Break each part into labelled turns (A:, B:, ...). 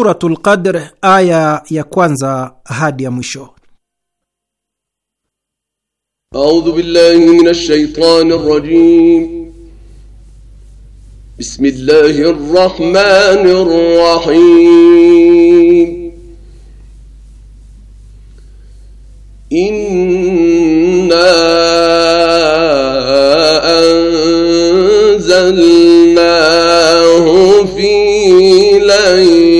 A: Suratul Qadr aya ya kwanza hadi ya mwisho.
B: A'udhu billahi minash shaitani rajim. Bismillahir rahmanir rahim. Inna anzalnahu fi laylatin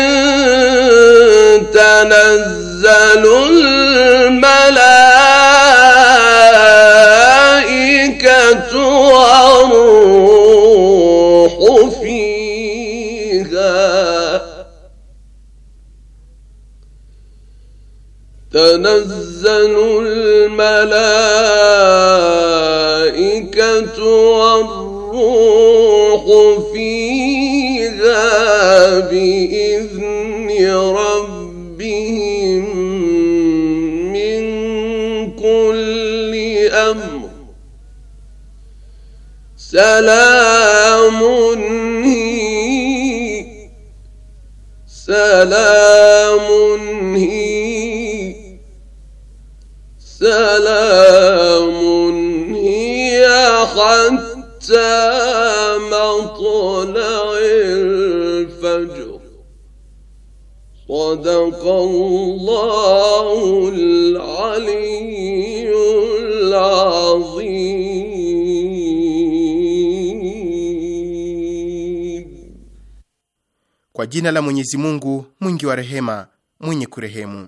B: الملائكه والروح فيها بإذن ربهم من كل أمر سلام هي سلام هي سلام هي حتى مطلع الفجر صدق الله العلي Kwa
C: jina la Mwenyezi Mungu mwingi wa rehema mwenye kurehemu.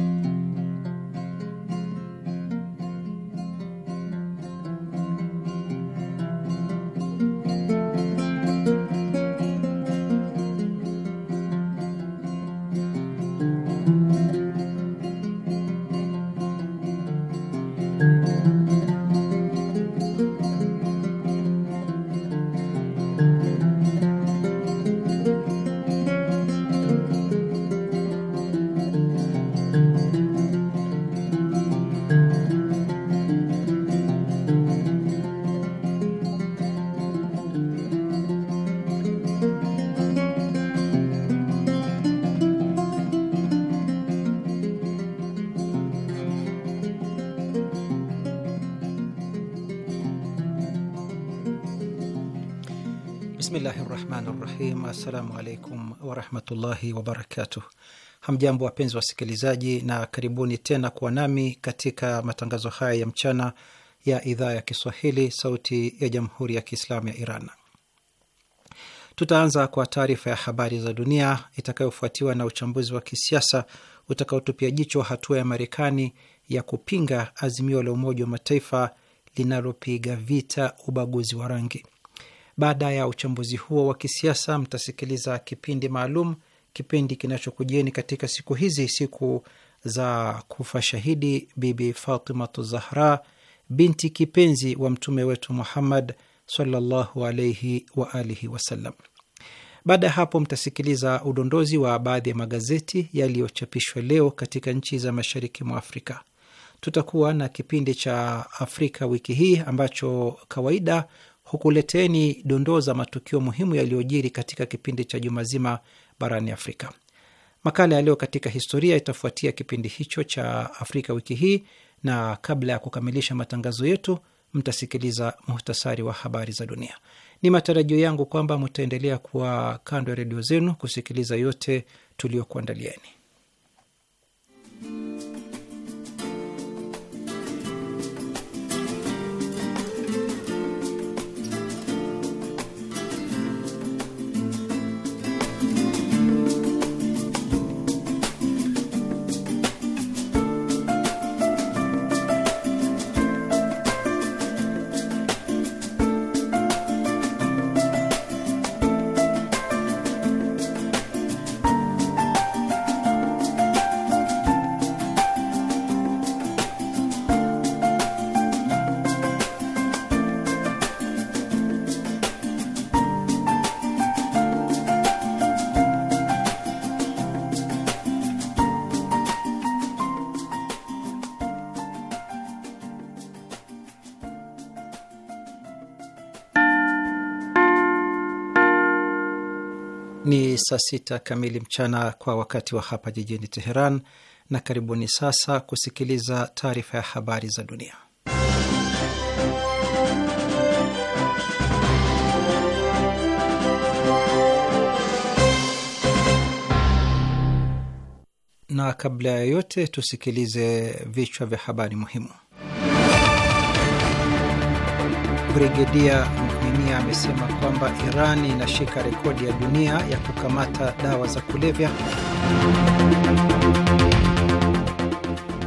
A: warahmatullahi wabarakatuh. Hamjambo wapenzi wasikilizaji, na karibuni tena kuwa nami katika matangazo haya ya mchana ya idhaa ya Kiswahili, Sauti ya Jamhuri ya Kiislamu ya Iran. Tutaanza kwa taarifa ya habari za dunia itakayofuatiwa na uchambuzi wa kisiasa utakaotupia jicho hatua ya Marekani ya kupinga azimio la Umoja wa Mataifa linalopiga vita ubaguzi wa rangi. Baada ya uchambuzi huo wa kisiasa, mtasikiliza kipindi maalum, kipindi kinachokujieni katika siku hizi, siku za kufa shahidi Bibi Fatimatu Zahra, binti kipenzi wa mtume wetu Muhammad sallallahu alaihi wa alihi wasallam. Baada ya hapo mtasikiliza udondozi wa baadhi ya magazeti yaliyochapishwa leo katika nchi za mashariki mwa Afrika. Tutakuwa na kipindi cha Afrika wiki hii ambacho kawaida hukuleteni dondoo za matukio muhimu yaliyojiri katika kipindi cha juma zima barani Afrika. Makala ya leo katika historia itafuatia kipindi hicho cha Afrika wiki hii, na kabla ya kukamilisha matangazo yetu, mtasikiliza muhtasari wa habari za dunia. Ni matarajio yangu kwamba mtaendelea kuwa kando ya redio zenu kusikiliza yote tuliokuandalieni. saa sita kamili mchana kwa wakati wa hapa jijini Teheran, na karibuni sasa kusikiliza taarifa ya habari za dunia. Na kabla ya yote tusikilize vichwa vya habari muhimu. Brigedia Taimia amesema kwamba Iran inashika rekodi ya dunia ya kukamata dawa za kulevya.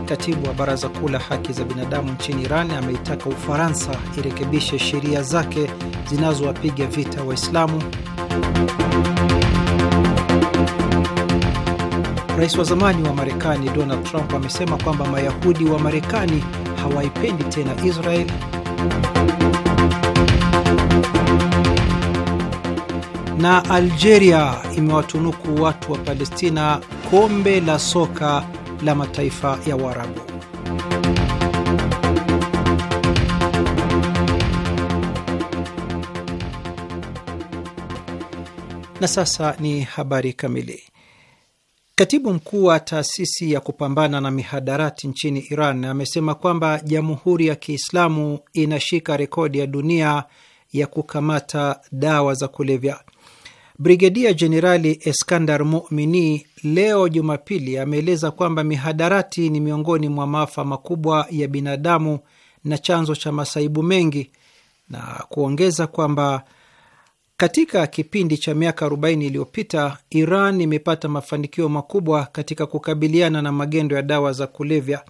A: Katibu wa Baraza Kuu la Haki za Binadamu nchini Iran ameitaka Ufaransa irekebishe sheria zake zinazowapiga vita Waislamu. Rais wa zamani wa Marekani Donald Trump amesema kwamba Mayahudi wa Marekani hawaipendi tena Israel na Algeria imewatunuku watu wa Palestina kombe la soka la mataifa ya Uarabu. Na sasa ni habari kamili. Katibu mkuu wa taasisi ya kupambana na mihadarati nchini Iran amesema kwamba Jamhuri ya Kiislamu inashika rekodi ya dunia ya kukamata dawa za kulevya. Brigedia Jenerali Eskandar Mumini leo Jumapili ameeleza kwamba mihadarati ni miongoni mwa maafa makubwa ya binadamu na chanzo cha masaibu mengi, na kuongeza kwamba katika kipindi cha miaka 40 iliyopita Iran imepata mafanikio makubwa katika kukabiliana na magendo ya dawa za kulevya,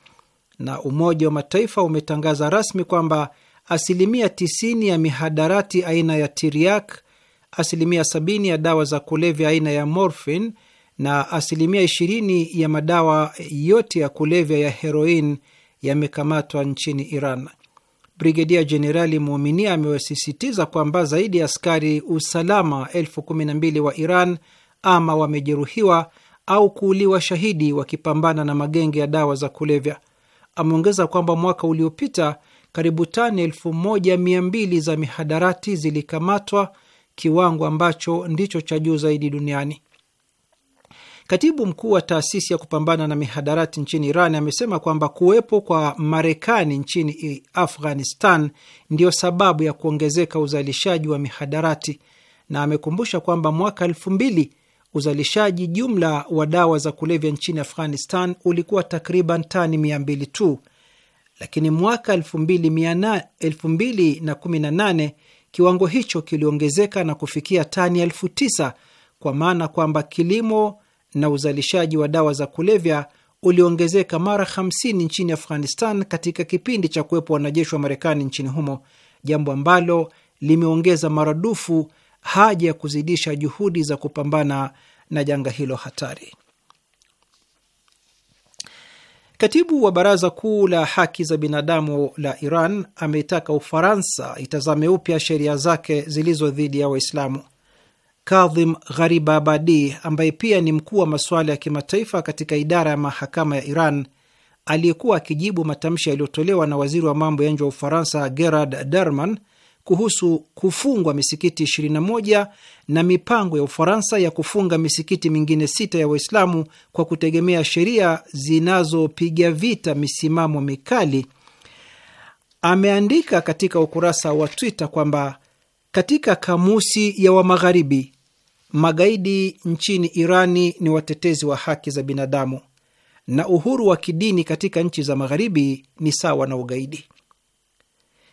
A: na Umoja wa Mataifa umetangaza rasmi kwamba asilimia 90 ya mihadarati aina ya tiriak asilimia 70 ya dawa za kulevya aina ya morphin na asilimia 20 ya madawa yote ya kulevya ya heroin yamekamatwa nchini Iran. Brigedia Jenerali Muminia amewasisitiza kwamba zaidi ya askari usalama elfu kumi na mbili wa Iran ama wamejeruhiwa au kuuliwa shahidi wakipambana na magenge ya dawa za kulevya. Ameongeza kwamba mwaka uliopita karibu tani elfu moja mia mbili za mihadarati zilikamatwa kiwango ambacho ndicho cha juu zaidi duniani. Katibu mkuu wa taasisi ya kupambana na mihadarati nchini Iran amesema kwamba kuwepo kwa Marekani nchini Afghanistan ndiyo sababu ya kuongezeka uzalishaji wa mihadarati, na amekumbusha kwamba mwaka elfu mbili uzalishaji jumla wa dawa za kulevya nchini Afghanistan ulikuwa takriban tani mia mbili tu, lakini mwaka elfu mbili na kumi na nane kiwango hicho kiliongezeka na kufikia tani elfu tisa kwa maana kwamba kilimo na uzalishaji wa dawa za kulevya uliongezeka mara 50 nchini Afghanistan katika kipindi cha kuwepo wanajeshi wa Marekani nchini humo, jambo ambalo limeongeza maradufu haja ya kuzidisha juhudi za kupambana na janga hilo hatari. Katibu wa Baraza Kuu la Haki za Binadamu la Iran ameitaka Ufaransa itazame upya sheria zake zilizo dhidi ya Waislamu. Kadhim Gharibabadi, ambaye pia ni mkuu wa masuala ya kimataifa katika idara ya mahakama ya Iran, aliyekuwa akijibu matamshi yaliyotolewa na waziri wa mambo ya nje wa Ufaransa Gerard Darman kuhusu kufungwa misikiti 21 na mipango ya Ufaransa ya kufunga misikiti mingine sita ya Waislamu kwa kutegemea sheria zinazopiga vita misimamo mikali, ameandika katika ukurasa wa Twitter kwamba katika kamusi ya Wamagharibi, magaidi nchini Irani ni watetezi wa haki za binadamu na uhuru wa kidini katika nchi za Magharibi ni sawa na ugaidi.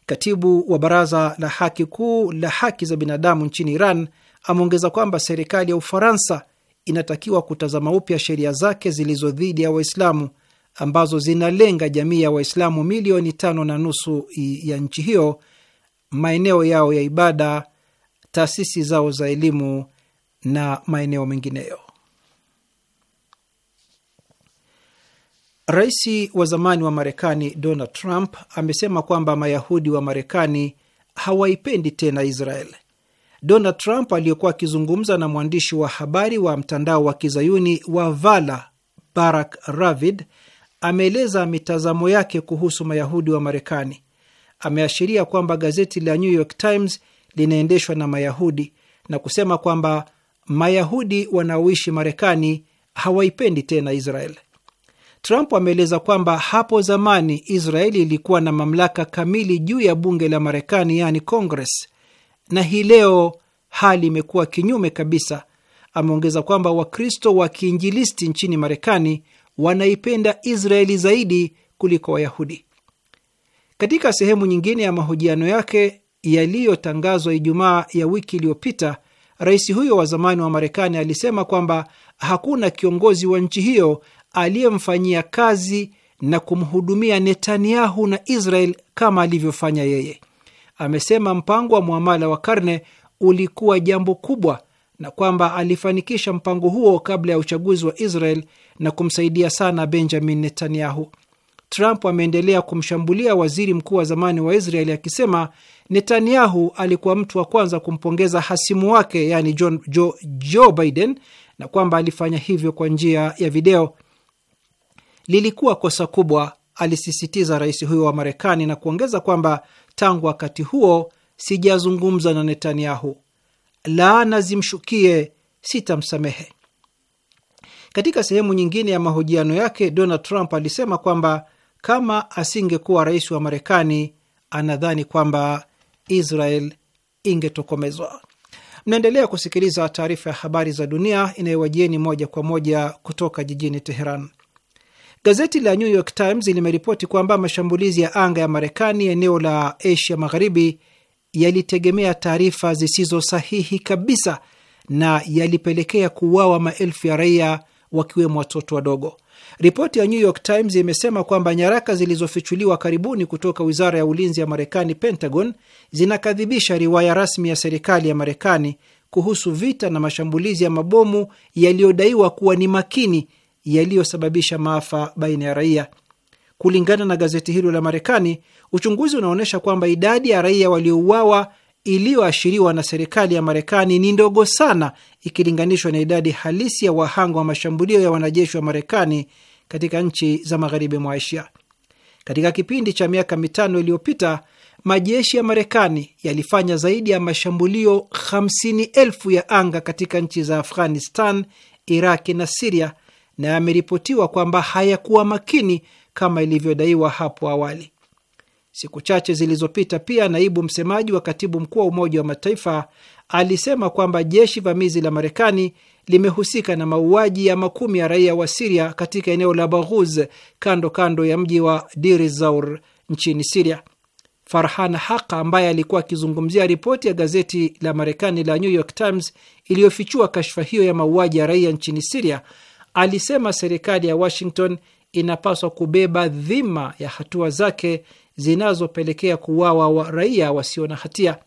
A: Katibu wa baraza la haki kuu la haki za binadamu nchini Iran ameongeza kwamba serikali ya Ufaransa inatakiwa kutazama upya sheria zake zilizo dhidi ya Waislamu ambazo zinalenga jamii ya Waislamu milioni tano na nusu ya nchi hiyo, maeneo yao ya ibada, taasisi zao za elimu na maeneo mengineyo. Rais wa zamani wa Marekani Donald Trump amesema kwamba Mayahudi wa Marekani hawaipendi tena Israel. Donald Trump aliyekuwa akizungumza na mwandishi wa habari wa mtandao wa kizayuni wa Vala Barak Ravid ameeleza mitazamo yake kuhusu Mayahudi wa Marekani. Ameashiria kwamba gazeti la New York Times linaendeshwa na Mayahudi na kusema kwamba Mayahudi wanaoishi Marekani hawaipendi tena Israel. Trump ameeleza kwamba hapo zamani Israeli ilikuwa na mamlaka kamili juu ya bunge la Marekani, yaani Congress, na hii leo hali imekuwa kinyume kabisa. Ameongeza kwamba Wakristo wa kiinjilisti nchini Marekani wanaipenda Israeli zaidi kuliko Wayahudi. Katika sehemu nyingine ya mahojiano yake yaliyotangazwa Ijumaa ya wiki iliyopita, rais huyo wa zamani wa Marekani alisema kwamba hakuna kiongozi wa nchi hiyo aliyemfanyia kazi na kumhudumia Netanyahu na Israel kama alivyofanya yeye. Amesema mpango wa mwamala wa karne ulikuwa jambo kubwa na kwamba alifanikisha mpango huo kabla ya uchaguzi wa Israel na kumsaidia sana Benjamin Netanyahu. Trump ameendelea kumshambulia waziri mkuu wa zamani wa Israeli akisema Netanyahu alikuwa mtu wa kwanza kumpongeza hasimu wake, yani jo jo, jo Biden na kwamba alifanya hivyo kwa njia ya video lilikuwa kosa kubwa, alisisitiza rais huyo wa Marekani na kuongeza kwamba tangu wakati huo sijazungumza na Netanyahu, laana zimshukie, sitamsamehe. Katika sehemu nyingine ya mahojiano yake, Donald Trump alisema kwamba kama asingekuwa rais wa Marekani, anadhani kwamba Israel ingetokomezwa. Mnaendelea kusikiliza taarifa ya habari za dunia inayowajieni moja kwa moja kutoka jijini Teheran. Gazeti la New York Times limeripoti kwamba mashambulizi ya anga ya Marekani eneo la Asia Magharibi yalitegemea taarifa zisizo sahihi kabisa na yalipelekea kuuawa maelfu ya raia wakiwemo watoto wadogo. Ripoti ya New York Times imesema kwamba nyaraka zilizofichuliwa karibuni kutoka wizara ya ulinzi ya Marekani, Pentagon, zinakadhibisha riwaya rasmi ya serikali ya Marekani kuhusu vita na mashambulizi ya mabomu yaliyodaiwa kuwa ni makini yaliyosababisha maafa baina ya raia. Kulingana na gazeti hilo la Marekani, uchunguzi unaonyesha kwamba idadi ya raia waliouawa iliyoashiriwa na serikali ya Marekani ni ndogo sana ikilinganishwa na idadi halisi ya wahanga wa mashambulio ya wanajeshi wa Marekani katika nchi za magharibi mwa Asia. Katika kipindi cha miaka mitano iliyopita, majeshi ya Marekani yalifanya zaidi ya mashambulio elfu ya anga katika nchi za Afghanistan, Iraki na Siria na yameripotiwa kwamba hayakuwa makini kama ilivyodaiwa hapo awali. Siku chache zilizopita pia, naibu msemaji wa katibu mkuu wa Umoja wa Mataifa alisema kwamba jeshi vamizi la Marekani limehusika na mauaji ya makumi ya raia wa Siria katika eneo la Baghuz kando kando ya mji wa Deir nchini Siria. Farhan Haq ambaye alikuwa akizungumzia ripoti ya gazeti la Marekani la New York Times iliyofichua kashfa hiyo ya mauaji ya raia nchini Siria alisema serikali ya Washington inapaswa kubeba dhima ya hatua zake zinazopelekea kuuawa wa raia wasio na hatia.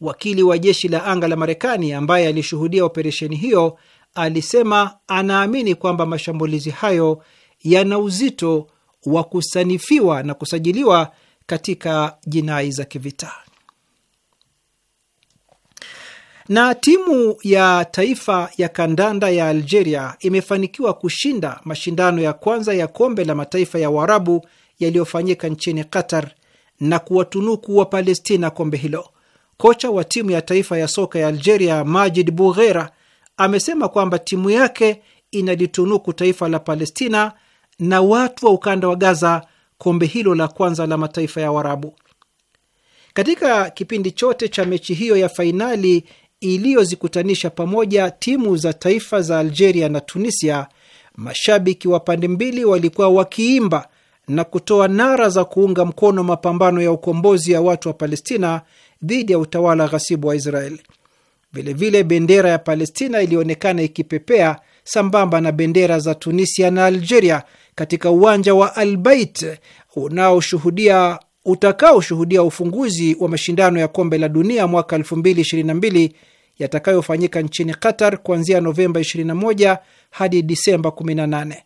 A: Wakili wa jeshi la anga la Marekani ambaye alishuhudia operesheni hiyo alisema anaamini kwamba mashambulizi hayo yana uzito wa kusanifiwa na kusajiliwa katika jinai za kivita. Na timu ya taifa ya kandanda ya Algeria imefanikiwa kushinda mashindano ya kwanza ya kombe la mataifa ya Uarabu yaliyofanyika nchini Qatar na kuwatunuku wa Palestina kombe hilo. Kocha wa timu ya taifa ya soka ya Algeria Majid Bughera amesema kwamba timu yake inalitunuku taifa la Palestina na watu wa ukanda wa Gaza kombe hilo la kwanza la mataifa ya Uarabu. Katika kipindi chote cha mechi hiyo ya fainali iliyozikutanisha pamoja timu za taifa za Algeria na Tunisia, mashabiki wa pande mbili walikuwa wakiimba na kutoa nara za kuunga mkono mapambano ya ukombozi ya watu wa Palestina dhidi ya utawala ghasibu wa Israeli. Vilevile, bendera ya Palestina ilionekana ikipepea sambamba na bendera za Tunisia na Algeria katika uwanja wa Albait unaoshuhudia utakaoshuhudia ufunguzi wa mashindano ya kombe la dunia mwaka 2022 yatakayofanyika nchini Qatar kuanzia Novemba 21 hadi Disemba 18.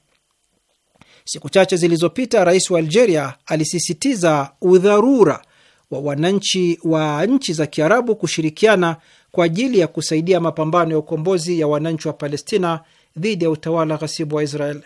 A: Siku chache zilizopita, rais wa Algeria alisisitiza udharura wa wananchi wa nchi za Kiarabu kushirikiana kwa ajili ya kusaidia mapambano ya ukombozi ya wananchi wa Palestina dhidi ya utawala ghasibu wa Israeli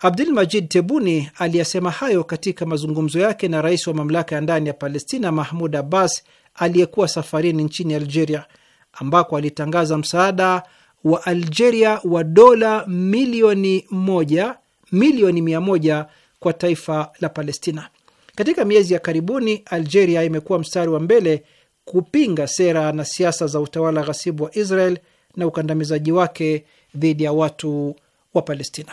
A: abdul majid Tebuni aliyasema hayo katika mazungumzo yake na rais wa mamlaka ya ndani ya Palestina Mahmud Abbas aliyekuwa safarini nchini Algeria, ambako alitangaza msaada wa Algeria wa dola milioni moja milioni mia moja kwa taifa la Palestina. Katika miezi ya karibuni, Algeria imekuwa mstari wa mbele kupinga sera na siasa za utawala ghasibu wa Israel na ukandamizaji wake dhidi ya watu wa Palestina.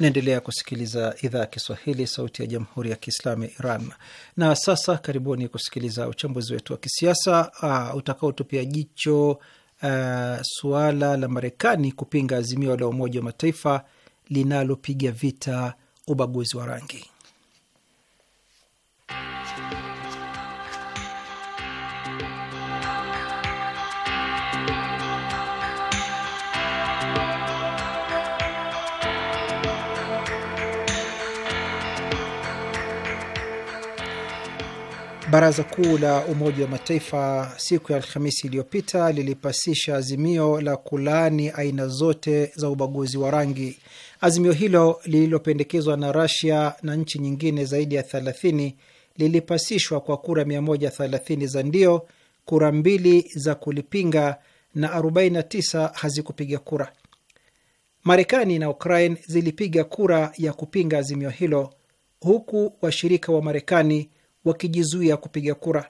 A: Naendelea kusikiliza idhaa ya Kiswahili, sauti ya jamhuri ya kiislamu ya Iran. Na sasa karibuni kusikiliza uchambuzi wetu wa kisiasa uh, utakaotupia jicho uh, suala la Marekani kupinga azimio la Umoja wa Mataifa linalopiga vita ubaguzi wa rangi Baraza Kuu la Umoja wa Mataifa siku ya Alhamisi iliyopita lilipasisha azimio la kulaani aina zote za ubaguzi wa rangi. Azimio hilo lililopendekezwa na Rasia na nchi nyingine zaidi ya 30 lilipasishwa kwa kura 130 za ndio, kura mbili za kulipinga na 49 hazikupiga kura. Marekani na Ukraine zilipiga kura ya kupinga azimio hilo, huku washirika wa Marekani wakijizuia kupiga kura.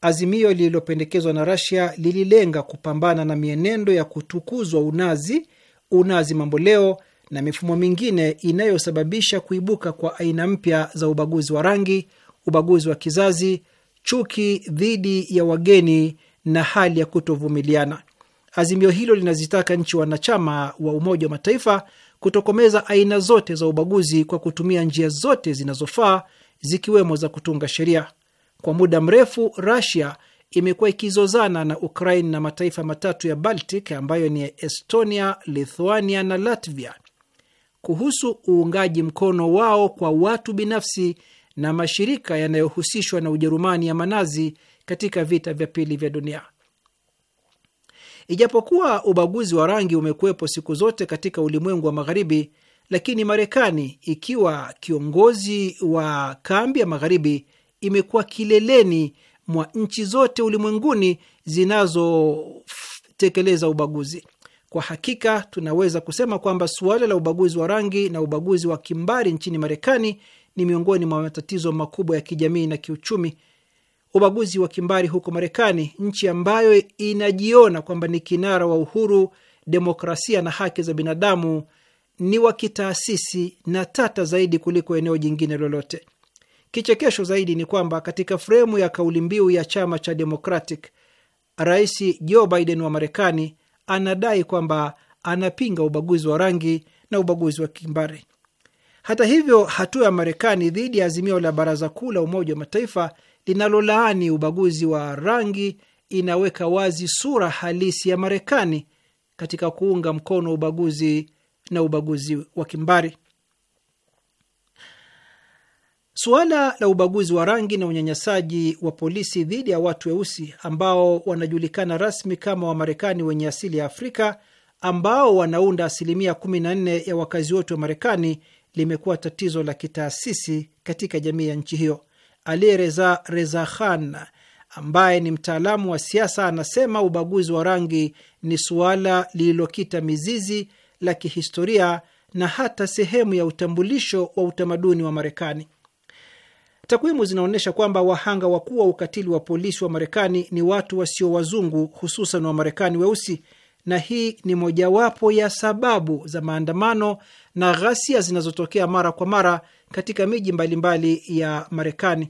A: Azimio lililopendekezwa na rasia lililenga kupambana na mienendo ya kutukuzwa unazi, unazi mamboleo na mifumo mingine inayosababisha kuibuka kwa aina mpya za ubaguzi wa rangi, ubaguzi wa kizazi, chuki dhidi ya wageni na hali ya kutovumiliana. Azimio hilo linazitaka nchi wanachama wa Umoja wa Mataifa kutokomeza aina zote za ubaguzi kwa kutumia njia zote zinazofaa zikiwemo za kutunga sheria. Kwa muda mrefu rasia imekuwa ikizozana na Ukraine na mataifa matatu ya Baltic ambayo ni Estonia, Lithuania na Latvia kuhusu uungaji mkono wao kwa watu binafsi na mashirika yanayohusishwa na Ujerumani ya manazi katika vita vya pili vya dunia. Ijapokuwa ubaguzi wa rangi umekuwepo siku zote katika ulimwengu wa Magharibi, lakini Marekani ikiwa kiongozi wa kambi ya magharibi imekuwa kileleni mwa nchi zote ulimwenguni zinazotekeleza ubaguzi. Kwa hakika tunaweza kusema kwamba suala la ubaguzi wa rangi na ubaguzi wa kimbari nchini Marekani ni miongoni mwa matatizo makubwa ya kijamii na kiuchumi. Ubaguzi wa kimbari huko Marekani, nchi ambayo inajiona kwamba ni kinara wa uhuru, demokrasia na haki za binadamu, ni wa kitaasisi na tata zaidi kuliko eneo jingine lolote. Kichekesho zaidi ni kwamba katika fremu ya kauli mbiu ya chama cha Democratic, Rais Joe Biden wa Marekani anadai kwamba anapinga ubaguzi wa rangi na ubaguzi wa kimbari. Hata hivyo, hatua ya Marekani dhidi ya azimio la Baraza Kuu la Umoja wa Mataifa linalolaani ubaguzi wa rangi inaweka wazi sura halisi ya Marekani katika kuunga mkono ubaguzi na ubaguzi wa kimbari. Suala la ubaguzi wa rangi na unyanyasaji wa polisi dhidi ya watu weusi ambao wanajulikana rasmi kama Wamarekani wenye asili ya Afrika ambao wanaunda asilimia 14 ya wakazi wote wa Marekani limekuwa tatizo la kitaasisi katika jamii ya nchi hiyo. Ali Reza Reza Khan ambaye ni mtaalamu wa siasa anasema ubaguzi wa rangi ni suala lililokita mizizi la kihistoria na hata sehemu ya utambulisho wa utamaduni wa Marekani. Takwimu zinaonyesha kwamba wahanga wakuu wa ukatili wa polisi wa Marekani ni watu wasio wazungu, hususan wa marekani weusi, na hii ni mojawapo ya sababu za maandamano na ghasia zinazotokea mara kwa mara katika miji mbalimbali ya Marekani.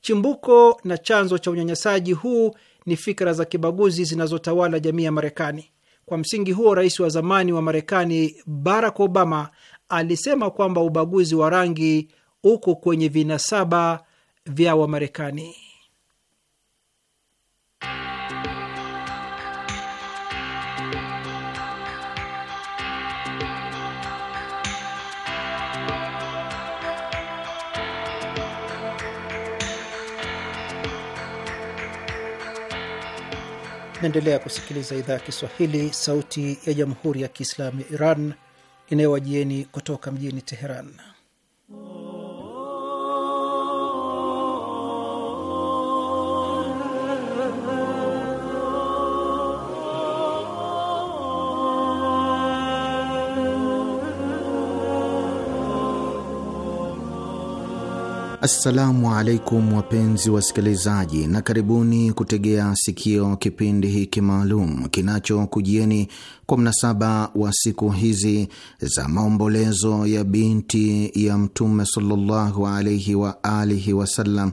A: Chimbuko na chanzo cha unyanyasaji huu ni fikra za kibaguzi zinazotawala jamii ya Marekani. Kwa msingi huo, rais wa zamani wa Marekani Barack Obama alisema kwamba ubaguzi wa rangi uko kwenye vinasaba vya Wamarekani. Naendelea kusikiliza idhaa ya Kiswahili, sauti ya jamhuri ya kiislamu ya Iran inayowajieni kutoka mjini Teheran.
D: Assalamu alaikum wapenzi wasikilizaji, na karibuni kutegea sikio kipindi hiki maalum kinachokujieni kwa mnasaba wa siku hizi za maombolezo ya binti ya Mtume sallallahu alaihi wa alihi wasallam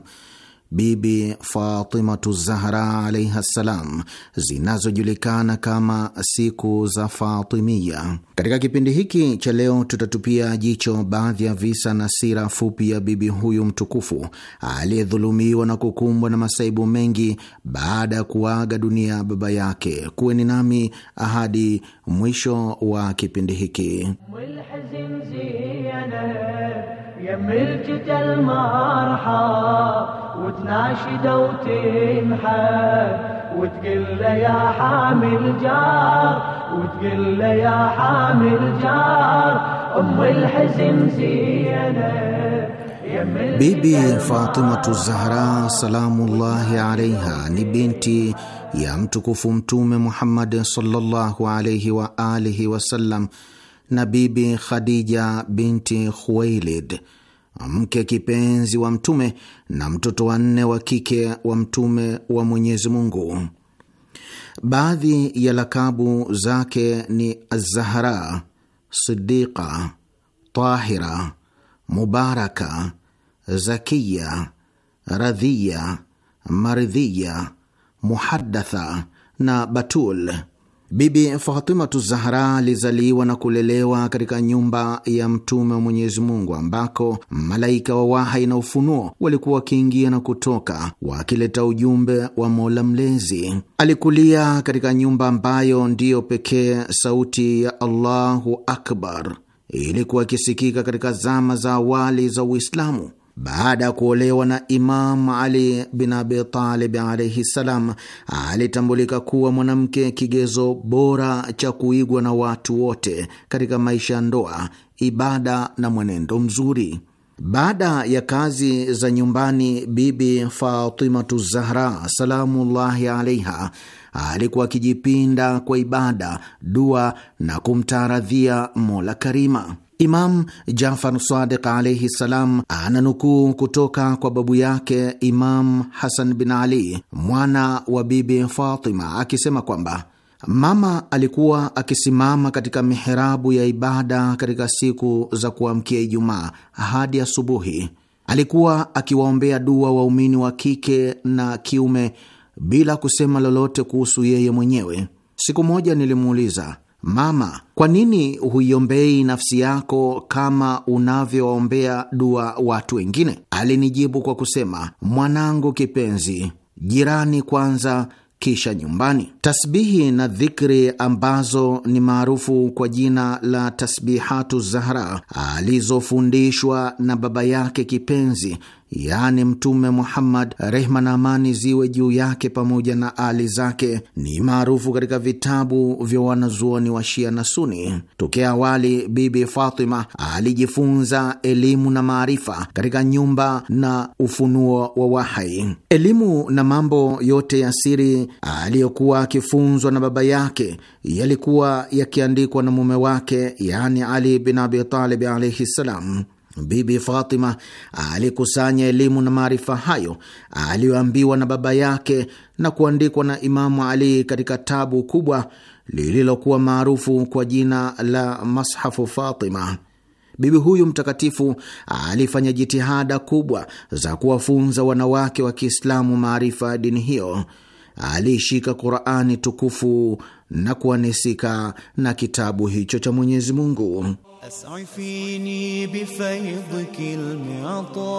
D: Bibi Fatimatu Zahra alaihi ssalam zinazojulikana kama siku za Fatimia. Katika kipindi hiki cha leo, tutatupia jicho baadhi ya visa na sira fupi ya bibi huyu mtukufu aliyedhulumiwa na kukumbwa na masaibu mengi baada ya kuaga dunia ya baba yake. Kuweni nami ahadi mwisho wa kipindi hiki.
E: وتناشده وتمحى وتقل يا حامل جار وتقل يا حامل جار ام الحزن زينه Bibi
D: Fatimatu Zahra salamullahi alaiha ni binti ya mtukufu Mtume Muhammad sallallahu alaihi wa alihi wasallam na Bibi Khadija binti Khuwailid mke kipenzi wa Mtume na mtoto wa nne wa kike wa Mtume wa Mwenyezi Mungu. Baadhi ya lakabu zake ni Azahra, Sidiqa, Tahira, Mubaraka, Zakiya, Radhiya, Maridhiya, muhadatha na Batul. Bibi Fatimatu Zahra alizaliwa na kulelewa katika nyumba ya Mtume wa Mwenyezi Mungu ambako malaika wa wahai na ufunuo walikuwa wakiingia na kutoka wakileta ujumbe wa Mola Mlezi. Alikulia katika nyumba ambayo ndiyo pekee sauti ya Allahu Akbar ilikuwa ikisikika katika zama za awali za Uislamu. Baada ya kuolewa na Imam Ali bin Abi Talib alaihi ssalam, alitambulika kuwa mwanamke kigezo bora cha kuigwa na watu wote katika maisha ya ndoa, ibada na mwenendo mzuri. Baada ya kazi za nyumbani, Bibi Fatimatu Zahra salamullahi alaiha alikuwa akijipinda kwa ibada, dua na kumtaradhia Mola Karima. Imam Jafar Sadiq alaihi ssalam ananukuu kutoka kwa babu yake Imam Hasan bin Ali mwana wa Bibi Fatima akisema kwamba mama alikuwa akisimama katika miherabu ya ibada katika siku za kuamkia Ijumaa hadi asubuhi. Alikuwa akiwaombea dua waumini wa kike na kiume bila kusema lolote kuhusu yeye mwenyewe. Siku moja nilimuuliza Mama, kwa nini huiombei nafsi yako kama unavyowaombea dua watu wengine? Alinijibu kwa kusema, mwanangu kipenzi, jirani kwanza kisha nyumbani. Tasbihi na dhikri ambazo ni maarufu kwa jina la Tasbihatu Zahra alizofundishwa na baba yake kipenzi yaani Mtume Muhammad, rehma na amani ziwe juu yake pamoja na ali zake, ni maarufu katika vitabu vya wanazuoni wa Shia na Suni. Tokea awali, Bibi Fatima alijifunza elimu na maarifa katika nyumba na ufunuo wa wahai. Elimu na mambo yote ya siri aliyokuwa akifunzwa na baba yake yalikuwa yakiandikwa na mume wake, yaani Ali bin Abi Talib alaihi ssalam. Bibi Fatima alikusanya elimu na maarifa hayo aliyoambiwa na baba yake na kuandikwa na Imamu Ali katika tabu kubwa lililokuwa maarufu kwa jina la Mashafu Fatima. Bibi huyu mtakatifu alifanya jitihada kubwa za kuwafunza wanawake wa Kiislamu maarifa ya dini hiyo. Aliishika Qurani tukufu na kuanisika na kitabu hicho cha Mwenyezi Mungu.
E: أسعفيني بفيضك المعطاء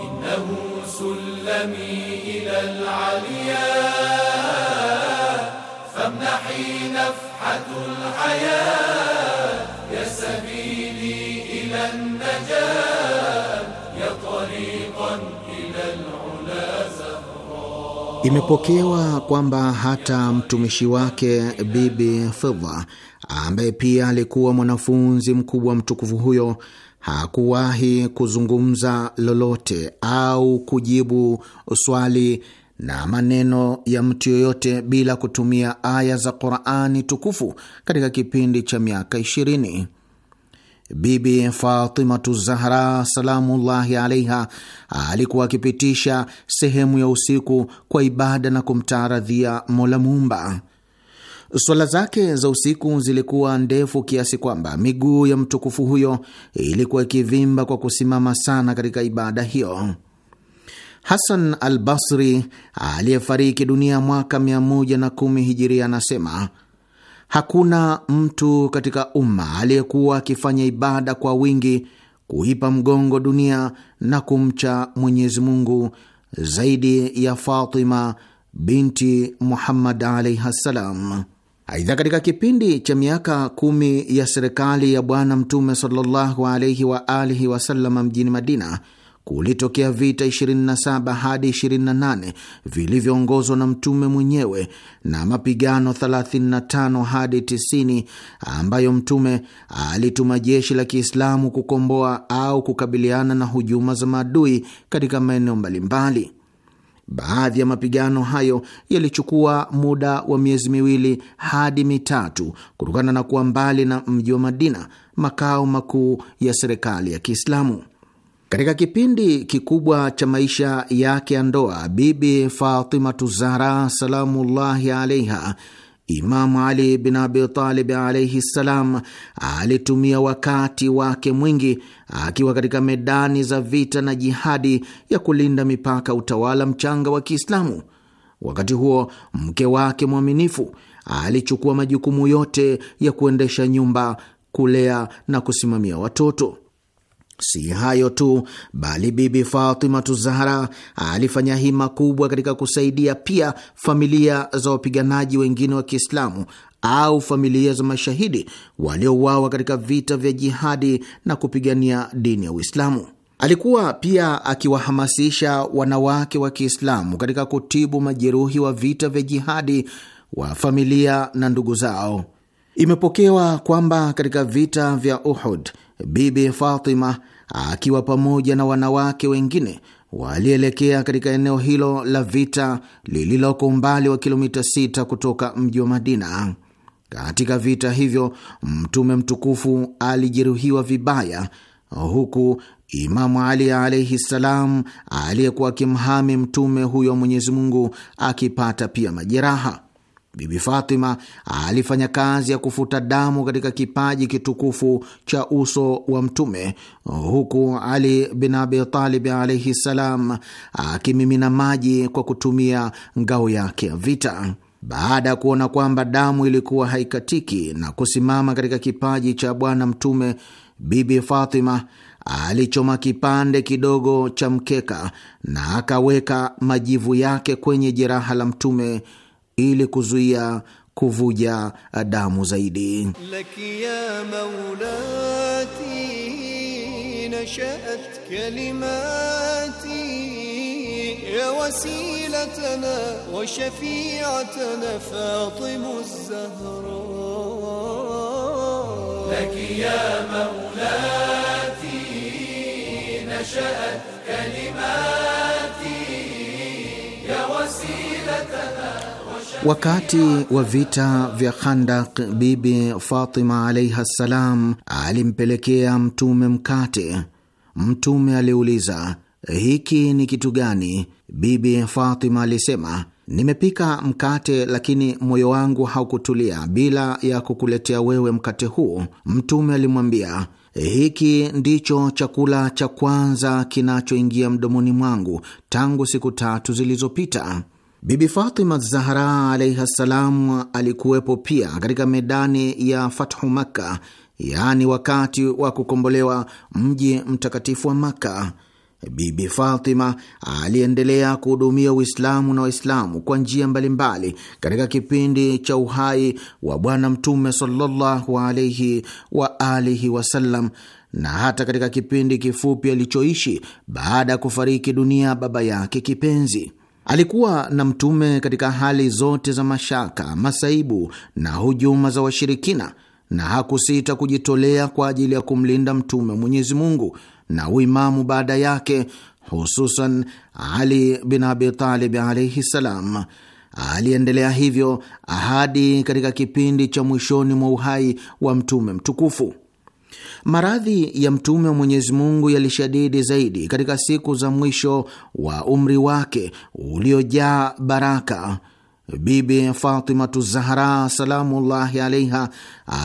E: إنه سلمي إلى العلياء فامنحي نفحة الحياة يا سبيلي إلى النجاة يا طريقا إلى العلا
D: زهراء Imepokewa kwamba hata mtumishi wake Bibi Fidha ambaye pia alikuwa mwanafunzi mkubwa mtukufu huyo hakuwahi kuzungumza lolote au kujibu swali na maneno ya mtu yoyote bila kutumia aya za Qurani tukufu katika kipindi cha miaka ishirini. Bibi Fatimatu Zahra salamullahi alaiha alikuwa akipitisha sehemu ya usiku kwa ibada na kumtaaradhia Mola Muumba. Swala zake za usiku zilikuwa ndefu kiasi kwamba miguu ya mtukufu huyo ilikuwa ikivimba kwa kusimama sana katika ibada hiyo. Hasan al Basri aliyefariki dunia mwaka 110 hijiria anasema hakuna mtu katika umma aliyekuwa akifanya ibada kwa wingi, kuipa mgongo dunia na kumcha Mwenyezi Mungu zaidi ya Fatima binti Muhammad alaihi ssalam. Aidha, katika kipindi cha miaka kumi ya serikali ya Bwana Mtume sallallahu alaihi wa alihi wasallam mjini Madina kulitokea vita 27 hadi 28 vilivyoongozwa na mtume mwenyewe na mapigano 35 hadi 90 ambayo mtume alituma jeshi la Kiislamu kukomboa au kukabiliana na hujuma za maadui katika maeneo mbalimbali. Baadhi ya mapigano hayo yalichukua muda wa miezi miwili hadi mitatu kutokana na kuwa mbali na mji wa Madina, makao makuu ya serikali ya Kiislamu. Katika kipindi kikubwa cha maisha yake ya ndoa, Bibi Fatimatu Zahra salamullahi alaiha Imamu Ali bin Abi Talib alaihi ssalam alitumia wakati wake mwingi akiwa katika medani za vita na jihadi ya kulinda mipaka utawala mchanga wa Kiislamu. Wakati huo mke wake mwaminifu alichukua majukumu yote ya kuendesha nyumba, kulea na kusimamia watoto. Si hayo tu, bali Bibi Fatimatu Zahra alifanya hima kubwa katika kusaidia pia familia za wapiganaji wengine wa Kiislamu au familia za mashahidi waliouawa katika vita vya jihadi na kupigania dini ya Uislamu. Alikuwa pia akiwahamasisha wanawake wa Kiislamu katika kutibu majeruhi wa vita vya jihadi wa familia na ndugu zao. Imepokewa kwamba katika vita vya Uhud Bibi Fatima akiwa pamoja na wanawake wengine walielekea katika eneo hilo la vita lililoko umbali wa kilomita sita kutoka mji wa Madina. Katika vita hivyo Mtume mtukufu alijeruhiwa vibaya, huku Imamu Ali alaihi ssalam, aliyekuwa akimhami mtume huyo Mwenyezi Mungu, akipata pia majeraha. Bibi Fatima alifanya kazi ya kufuta damu katika kipaji kitukufu cha uso wa Mtume, huku Ali bin Abi Talib alaihi ssalam akimimina maji kwa kutumia ngao yake ya vita. Baada ya kuona kwamba damu ilikuwa haikatiki na kusimama katika kipaji cha Bwana Mtume, Bibi Fatima alichoma kipande kidogo cha mkeka na akaweka majivu yake kwenye jeraha la Mtume ili kuzuia kuvuja damu zaidi.
B: Laki ya maulati nashaat kalimati ya wasilatana wa shafiatana Fatimu Zahra. Laki ya maulati
E: nashaat kalimati ya wasilatana
D: Wakati wa vita vya Khandak, Bibi Fatima alaiha ssalam alimpelekea Mtume mkate. Mtume aliuliza, hiki ni kitu gani? Bibi Fatima alisema, nimepika mkate, lakini moyo wangu haukutulia bila ya kukuletea wewe mkate huu. Mtume alimwambia, hiki ndicho chakula cha kwanza kinachoingia mdomoni mwangu tangu siku tatu zilizopita. Bibi Fatima Zahra alaihi ssalam alikuwepo pia katika medani ya Fathu Makka, yaani wakati wa kukombolewa mji mtakatifu wa Makka. Bibi Fatima aliendelea kuhudumia Uislamu na Waislamu kwa njia mbalimbali katika kipindi cha uhai wa Bwana Mtume sallallahu alaihi wa alihi wasallam na hata katika kipindi kifupi alichoishi baada ya kufariki dunia baba yake kipenzi. Alikuwa na mtume katika hali zote za mashaka, masaibu na hujuma za washirikina, na hakusita kujitolea kwa ajili ya kumlinda mtume wa Mwenyezi Mungu na uimamu baada yake, hususan Ali bin Abi Talib alaihi salam. Aliendelea hivyo ahadi katika kipindi cha mwishoni mwa uhai wa mtume mtukufu. Maradhi ya Mtume wa Mwenyezi Mungu yalishadidi zaidi katika siku za mwisho wa umri wake uliojaa baraka. Bibi Fatimatu Zahra salamullahi alaiha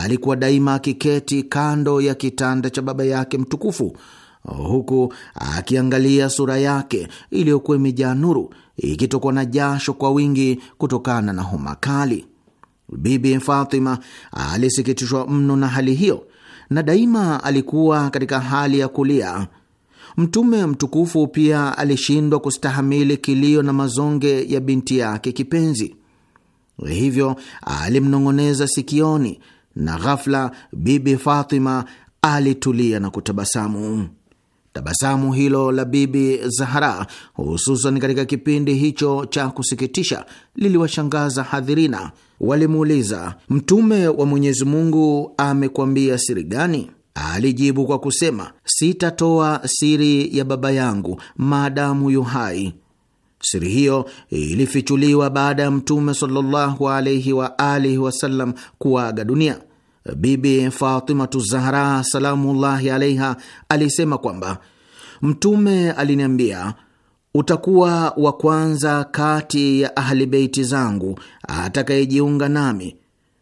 D: alikuwa daima akiketi kando ya kitanda cha baba yake mtukufu, huku akiangalia sura yake iliyokuwa imejaa nuru, ikitokwa na jasho kwa wingi kutokana na homa kali. Bibi Fatima alisikitishwa mno na hali hiyo na daima alikuwa katika hali ya kulia. Mtume mtukufu pia alishindwa kustahamili kilio na mazonge ya binti yake kipenzi, hivyo alimnong'oneza sikioni, na ghafla Bibi Fatima alitulia na kutabasamu. Tabasamu hilo la Bibi Zahara, hususan katika kipindi hicho cha kusikitisha, liliwashangaza hadhirina walimuuliza Mtume wa Mwenyezi Mungu amekwambia siri gani? Alijibu kwa kusema, sitatoa siri ya baba yangu maadamu yu hai. Siri hiyo ilifichuliwa baada ya Mtume sallallahu alaihi wa alihi wasallam kuaga dunia. Bibi Fatimatu Zahra salamullahi alaiha alisema kwamba Mtume aliniambia utakuwa wa kwanza kati ya ahli beiti zangu atakayejiunga nami,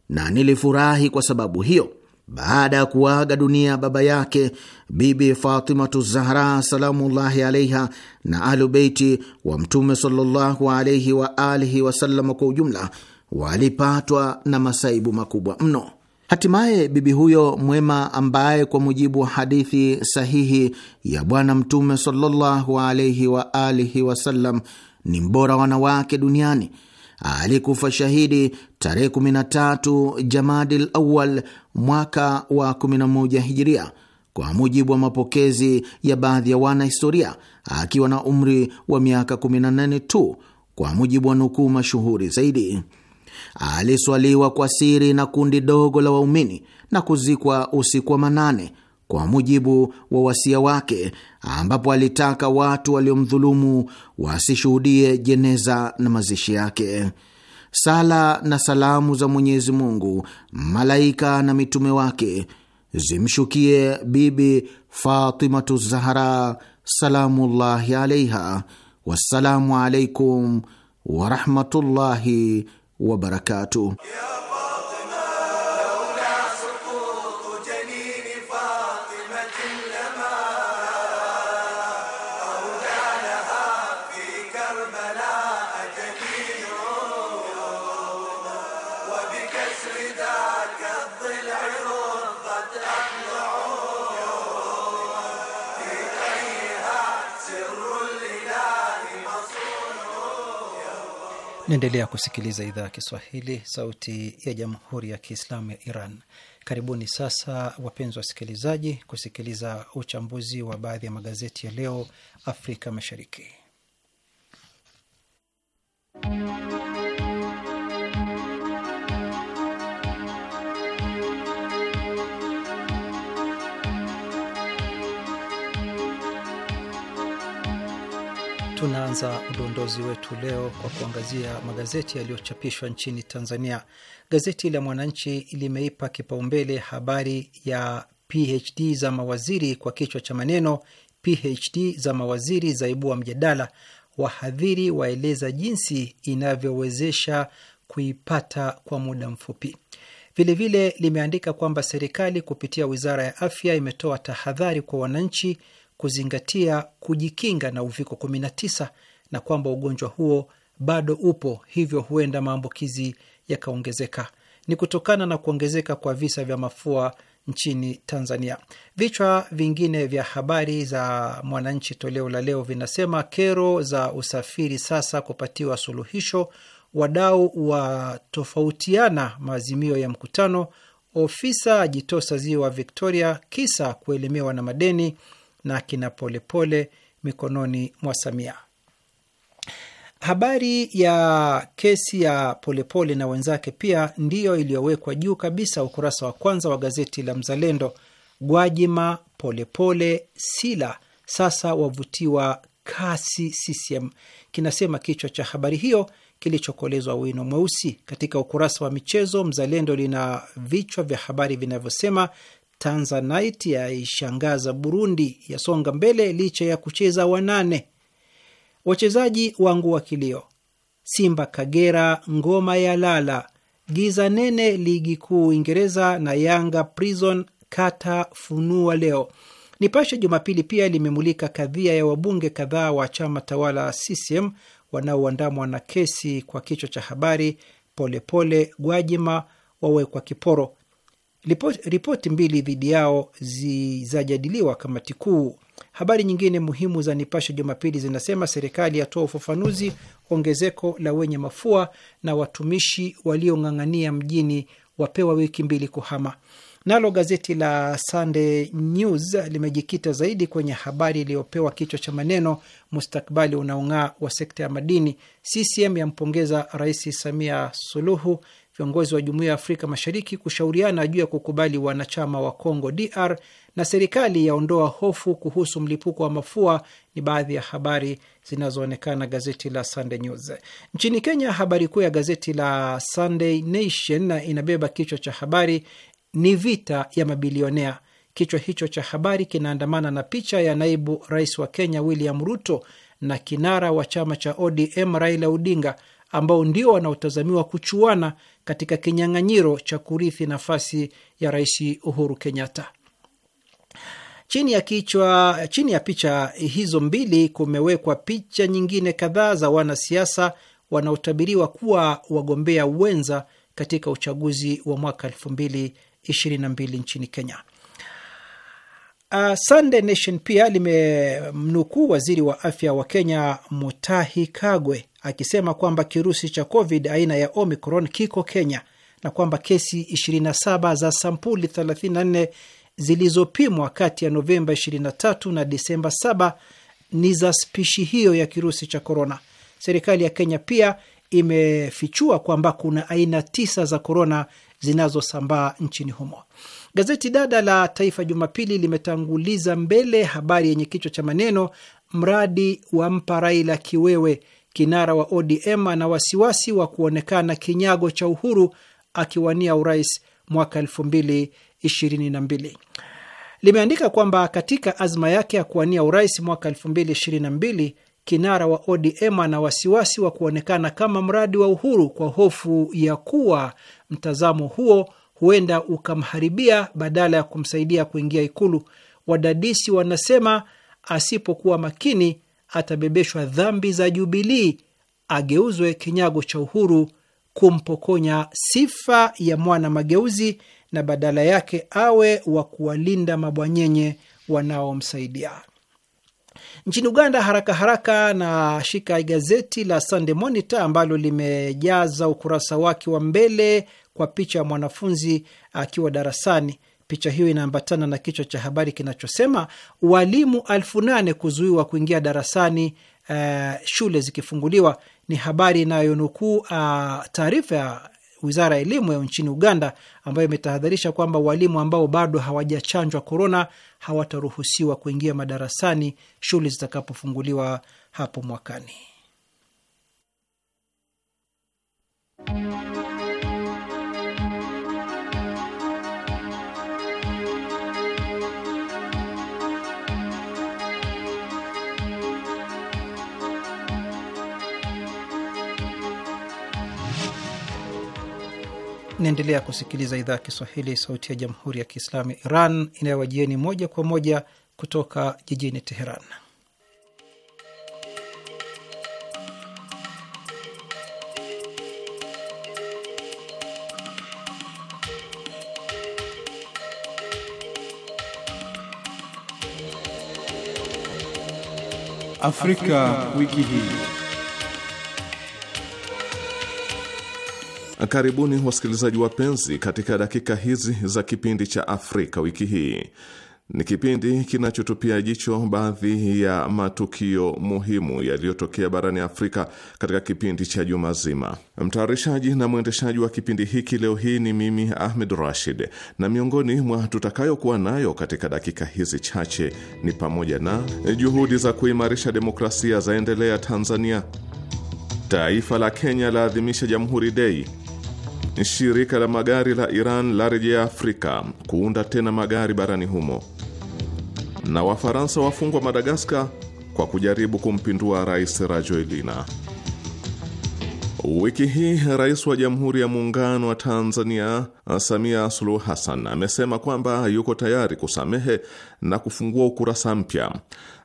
D: na nilifurahi kwa sababu hiyo. Baada ya kuaga dunia baba yake Bibi Fatimatu Zahra salamullahi alaiha na ahlu beiti wa Mtume sallallahu alaihi waalihi wasallam kwa ujumla walipatwa na masaibu makubwa mno. Hatimaye bibi huyo mwema ambaye kwa mujibu wa hadithi sahihi ya Bwana Mtume sallallahu alaihi wa alihi wasallam ni mbora wanawake duniani alikufa shahidi tarehe 13 Jamadil Awal mwaka wa 11 Hijiria, kwa mujibu wa mapokezi ya baadhi ya wanahistoria, akiwa na umri wa miaka 18 tu, kwa mujibu wa nukuu mashuhuri zaidi aliswaliwa kwa siri na kundi dogo la waumini na kuzikwa usiku wa manane kwa mujibu wa wasia wake, ambapo alitaka watu waliomdhulumu wasishuhudie jeneza na mazishi yake. Sala na salamu za Mwenyezi Mungu, malaika na mitume wake zimshukie Bibi Fatimatu Zahra salamullahi alaiha. Wassalamu alaikum warahmatullahi wabarakatuh.
A: Naendelea kusikiliza idhaa ya Kiswahili, sauti ya jamhuri ya kiislamu ya Iran. Karibuni sasa, wapenzi wasikilizaji, kusikiliza uchambuzi wa baadhi ya magazeti ya leo Afrika Mashariki. Tunaanza udondozi wetu leo kwa kuangazia magazeti yaliyochapishwa nchini Tanzania. Gazeti la Mwananchi limeipa kipaumbele habari ya PhD za mawaziri kwa kichwa cha maneno, PhD za mawaziri zaibua mjadala, wahadhiri waeleza jinsi inavyowezesha kuipata kwa muda mfupi. Vilevile limeandika kwamba serikali kupitia wizara ya afya imetoa tahadhari kwa wananchi kuzingatia kujikinga na uviko 19 na kwamba ugonjwa huo bado upo, hivyo huenda maambukizi yakaongezeka. Ni kutokana na kuongezeka kwa visa vya mafua nchini Tanzania. Vichwa vingine vya habari za Mwananchi toleo la leo vinasema kero za usafiri sasa kupatiwa suluhisho, wadau watofautiana maazimio ya mkutano, ofisa ajitosa ziwa Victoria kisa kuelemewa na madeni na kina Polepole mikononi mwa Samia. Habari ya kesi ya Polepole na wenzake pia ndiyo iliyowekwa juu kabisa ukurasa wa kwanza wa gazeti la Mzalendo. Gwajima, Polepole, Sila sasa wavutiwa kasi CCM, kinasema kichwa cha habari hiyo kilichokolezwa wino mweusi. Katika ukurasa wa michezo, Mzalendo lina vichwa vya habari vinavyosema: Tanzanite yaishangaza Burundi, yasonga mbele licha ya kucheza wanane. Wachezaji wangu wa kilio, Simba Kagera ngoma ya lala, giza nene ligi kuu Uingereza na Yanga Prison kata funua leo. Nipashe Jumapili pia limemulika kadhia ya wabunge kadhaa wa chama tawala CCM wanaoandamwa na kesi kwa kichwa cha habari polepole Gwajima wawekwa kiporo. Ripoti mbili dhidi yao zizajadiliwa kamati kuu. Habari nyingine muhimu za Nipashe Jumapili zinasema serikali yatoa ufafanuzi ongezeko la wenye mafua na watumishi waliong'ang'ania mjini wapewa wiki mbili kuhama. Nalo gazeti la Sunday News limejikita zaidi kwenye habari iliyopewa kichwa cha maneno mustakabali unaong'aa wa sekta ya madini, CCM yampongeza Rais Samia Suluhu viongozi wa Jumuiya ya Afrika Mashariki kushauriana juu ya kukubali wanachama wa Congo DR na serikali yaondoa hofu kuhusu mlipuko wa mafua, ni baadhi ya habari zinazoonekana gazeti la Sunday News. Nchini Kenya, habari kuu ya gazeti la Sunday Nation inabeba kichwa cha habari ni vita ya mabilionea. Kichwa hicho cha habari kinaandamana na picha ya naibu rais wa Kenya William Ruto na kinara wa chama cha ODM Raila Odinga ambao ndio wanaotazamiwa kuchuana katika kinyang'anyiro cha kurithi nafasi ya Rais Uhuru Kenyatta. Chini ya kichwa, chini ya picha hizo mbili kumewekwa picha nyingine kadhaa za wanasiasa wanaotabiriwa kuwa wagombea wenza katika uchaguzi wa mwaka 222 nchini Kenya. Uh, Sunday Nation pia limemnukuu waziri wa afya wa Kenya Mutahi Kagwe akisema kwamba kirusi cha COVID aina ya Omicron kiko Kenya na kwamba kesi 27 za sampuli 34 zilizopimwa kati ya Novemba 23 na Disemba 7 ni za spishi hiyo ya kirusi cha korona. Serikali ya Kenya pia imefichua kwamba kuna aina tisa za korona zinazosambaa nchini humo. Gazeti dada la Taifa Jumapili limetanguliza mbele habari yenye kichwa cha maneno mradi wa mpa Raila kiwewe, kinara wa ODM ana wasiwasi wa kuonekana kinyago cha Uhuru akiwania urais mwaka mbili. Limeandika kwamba katika azma yake ya kuwania urais mwaka mbili kinara wa ODM ana wasiwasi wa kuonekana kama mradi wa Uhuru kwa hofu ya kuwa mtazamo huo huenda ukamharibia badala ya kumsaidia kuingia Ikulu. Wadadisi wanasema asipokuwa makini atabebeshwa dhambi za Jubilii, ageuzwe kinyago cha uhuru, kumpokonya sifa ya mwana mageuzi na badala yake awe wa kuwalinda mabwanyenye wanaomsaidia. Nchini Uganda, haraka haraka na shika gazeti la Sunday Monitor ambalo limejaza ukurasa wake wa mbele kwa picha ya mwanafunzi akiwa darasani. Picha hiyo inaambatana na kichwa cha habari kinachosema walimu elfu nane kuzuiwa kuingia darasani, uh, shule zikifunguliwa. Ni habari inayonukuu uh, taarifa ya wizara ya elimu ya nchini Uganda ambayo imetahadharisha kwamba walimu ambao bado hawajachanjwa korona hawataruhusiwa kuingia madarasani shule zitakapofunguliwa hapo mwakani. Inaendelea kusikiliza idhaa ya Kiswahili, sauti ya jamhuri ya kiislamu ya Iran inayowajieni moja kwa moja kutoka jijini Teheran.
F: Afrika, Afrika wiki hii. Karibuni wasikilizaji wapenzi, katika dakika hizi za kipindi cha Afrika wiki hii. Ni kipindi kinachotupia jicho baadhi ya matukio muhimu yaliyotokea barani Afrika katika kipindi cha juma zima. Mtayarishaji na mwendeshaji wa kipindi hiki leo hii ni mimi Ahmed Rashid, na miongoni mwa tutakayokuwa nayo katika dakika hizi chache ni pamoja na juhudi za kuimarisha demokrasia zaendelea Tanzania, taifa la Kenya laadhimisha Jamhuri Dei, shirika la magari la Iran la rejea Afrika kuunda tena magari barani humo, na Wafaransa wafungwa Madagaskar kwa kujaribu kumpindua Rais Rajoelina. Wiki hii Rais wa Jamhuri ya Muungano wa Tanzania ah, Samia Suluhu Hassan amesema kwamba yuko tayari kusamehe na kufungua ukurasa mpya.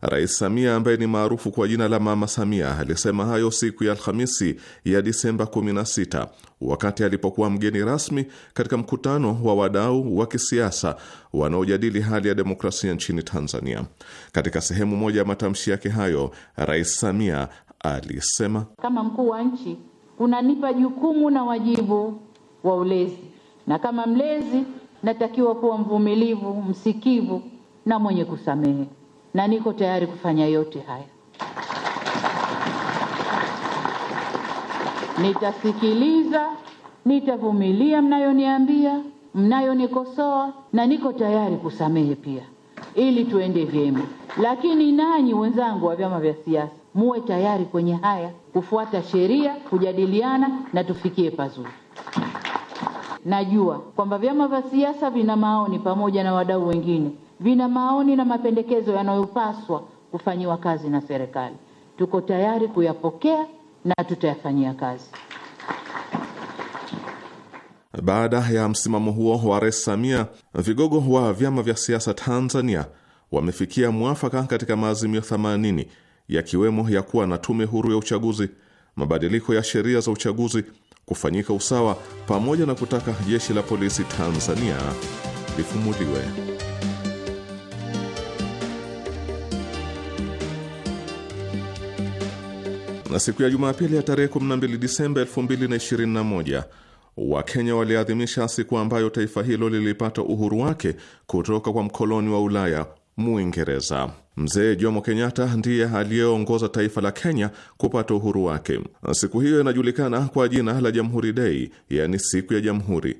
F: Rais Samia ambaye ni maarufu kwa jina la Mama Samia alisema hayo siku ya Alhamisi ya Disemba 16 wakati alipokuwa mgeni rasmi katika mkutano wa wadau wa kisiasa wanaojadili hali ya demokrasia nchini Tanzania. Katika sehemu moja ya matamshi yake hayo, Rais Samia alisema
C: kama mkuu wa nchi unanipa jukumu na wajibu wa ulezi, na kama mlezi natakiwa kuwa mvumilivu, msikivu na mwenye kusamehe, na niko tayari kufanya yote haya. Nitasikiliza, nitavumilia mnayoniambia, mnayonikosoa, na niko tayari kusamehe pia, ili tuende vyema. Lakini nanyi wenzangu wa vyama vya siasa muwe tayari kwenye haya kufuata sheria, kujadiliana na tufikie pazuri. Najua kwamba vyama vya siasa vina maoni pamoja na wadau wengine, vina maoni na mapendekezo yanayopaswa kufanyiwa kazi na serikali. Tuko tayari kuyapokea na tutayafanyia kazi.
F: Baada ya msimamo huo wa Rais Samia, vigogo wa vyama vya siasa Tanzania wamefikia mwafaka katika maazimio yakiwemo ya kuwa na tume huru ya uchaguzi, mabadiliko ya sheria za uchaguzi, kufanyika usawa, pamoja na kutaka jeshi la polisi Tanzania lifumuliwe. Na siku ya Jumapili ya tarehe 12 Disemba 2021 Wakenya waliadhimisha siku ambayo taifa hilo lilipata uhuru wake kutoka kwa mkoloni wa Ulaya Muingereza. Mzee Jomo Kenyatta ndiye aliyeongoza taifa la Kenya kupata uhuru wake. Siku hiyo inajulikana kwa jina la Jamhuri Day, yaani siku ya Jamhuri.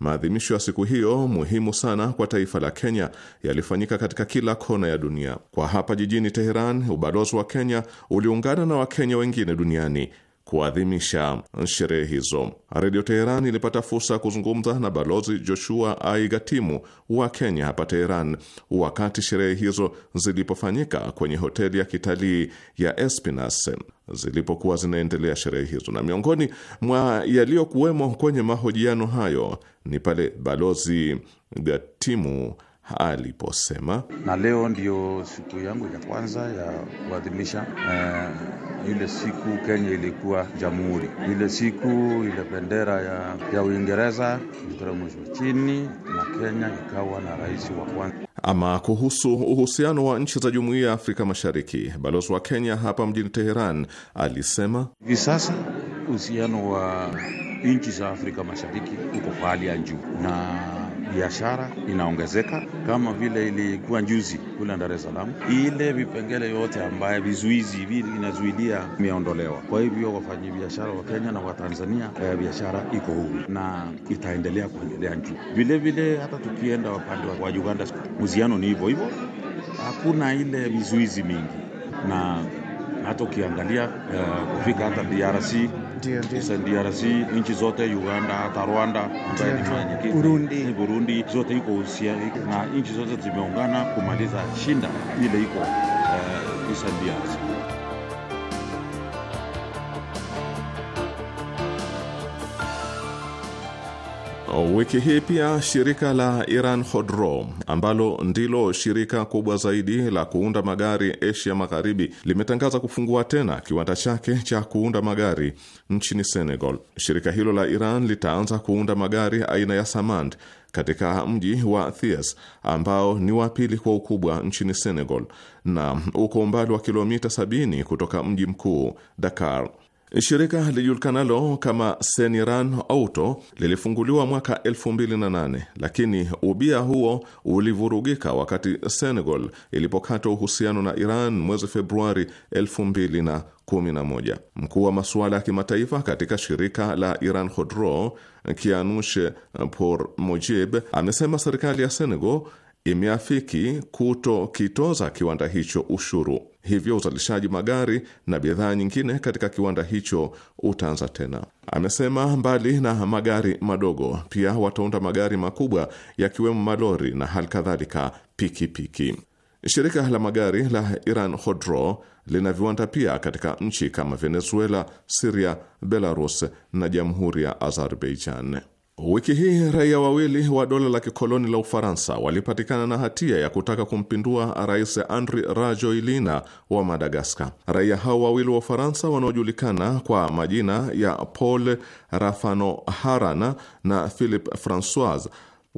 F: Maadhimisho ya siku hiyo muhimu sana kwa taifa la Kenya yalifanyika katika kila kona ya dunia. Kwa hapa jijini Teheran, ubalozi wa Kenya uliungana na Wakenya wengine duniani kuadhimisha sherehe hizo. Redio Teheran ilipata fursa ya kuzungumza na Balozi Joshua Aigatimu wa Kenya hapa Teheran wakati sherehe hizo zilipofanyika kwenye hoteli ya kitalii ya Espinas zilipokuwa zinaendelea sherehe hizo, na miongoni mwa yaliyokuwemo kwenye mahojiano hayo ni pale Balozi Gatimu aliposema,
G: na leo ndiyo siku yangu ya kwanza ya kuadhimisha uh, ile siku Kenya ilikuwa jamhuri. Ile siku ile bendera ya, ya Uingereza iliteremshwa chini na Kenya ikawa na rais wa kwanza.
F: Ama kuhusu uhusiano wa nchi za jumuiya ya Afrika Mashariki, balozi wa Kenya hapa mjini Teheran alisema
G: hivi sasa uhusiano wa nchi za Afrika Mashariki uko kwa hali ya juu na biashara inaongezeka kama vile ilikuwa juzi kule Dar es Salaam. Ile vipengele yote ambaye vizuizi hivi inazuilia imeondolewa. Kwa hivyo wafanyabiashara wa Kenya na wa Tanzania eh, biashara iko huru na itaendelea kuendelea juu vilevile Hata tukienda upande wa Uganda, muziano ni hivyo hivyo, hakuna ile vizuizi mingi, na hata ukiangalia eh, kufika hata DRC ndio nchi zote Uganda, hata Rwanda ambayo ni Burundi, Burundi zote iko uhusiano na nchi zote zimeungana kumaliza shinda ile iko uh, eh, DRC.
F: Oh, wiki hii pia shirika la Iran Khodro ambalo ndilo shirika kubwa zaidi la kuunda magari Asia Magharibi limetangaza kufungua tena kiwanda chake cha kuunda magari nchini Senegal. Shirika hilo la Iran litaanza kuunda magari aina ya Samand katika mji wa Thies ambao ni wa pili kwa ukubwa nchini Senegal na uko umbali wa kilomita 70 kutoka mji mkuu Dakar. Shirika lijulikanalo kama Seniran Auto lilifunguliwa mwaka 2008 lakini ubia huo ulivurugika wakati Senegal ilipokata uhusiano na Iran mwezi Februari 2011. Mkuu wa masuala ya kimataifa katika shirika la Iran Khodro Kianush Por Mojib amesema serikali ya Senegal imeafiki kutokitoza kiwanda hicho ushuru, hivyo uzalishaji magari na bidhaa nyingine katika kiwanda hicho utaanza tena. Amesema mbali na magari madogo, pia wataunda magari makubwa yakiwemo malori na hali kadhalika pikipiki. Shirika la magari la Iran Hodro lina viwanda pia katika nchi kama Venezuela, Siria, Belarus na jamhuri ya Azerbaijan. Wiki hii raia wawili wa dola la kikoloni la Ufaransa walipatikana na hatia ya kutaka kumpindua Rais Andry Rajoelina wa Madagaskar. Raia hao wawili wa Ufaransa wanaojulikana kwa majina ya Paul harana na Philip Francois